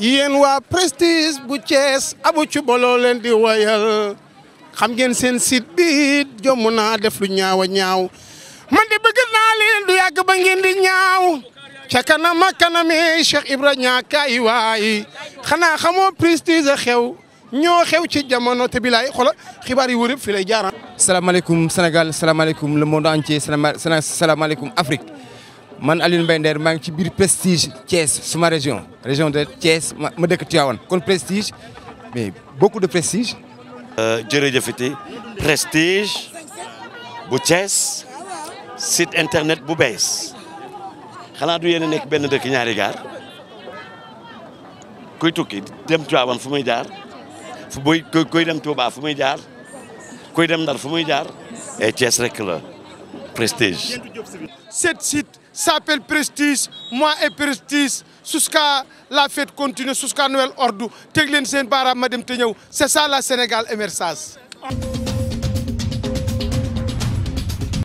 yéen waa prestige bu Thiès abu ci boloo leen di woyal xam ngeen seen site bi naa def lu ñaaw a ñaaw man de bëgg naa leen du yàgg ba ngeen di ñaaw ca kanam ak kanami Cheikh Ibrahima kaay waay xanaa xamoo prestige a xew ñoo xew ci jamono te bilaay xola xibaar yi wër yëpp fii lay jaaraan. salaamaaleykum Sénégal salaamaaleykum le monde entier salaamaaleykum Afrique. man Alioune Mbaye Nder maa ngi ci biir Prestige Thiès suma région région de Thiès ma dëkk Tivaouane kon Prestige mais beaucoup de Prestige. Euh, jërëjëfiti Prestige bu Thiès sit internet bu bees xanaa du yéen a nekk benn dëkk ñaari gaar kuy tukki dem Tivaouane fu muy jaar fu muy kuy dem Touba fu muy jaar kuy dem Ndar fu muy jaar. et Thiès rek s'appelle Prestige moi et Prestige jusqu'à la fête continue jusqu'à Noël ordu Teglen, c'est ça la Sénégal émergence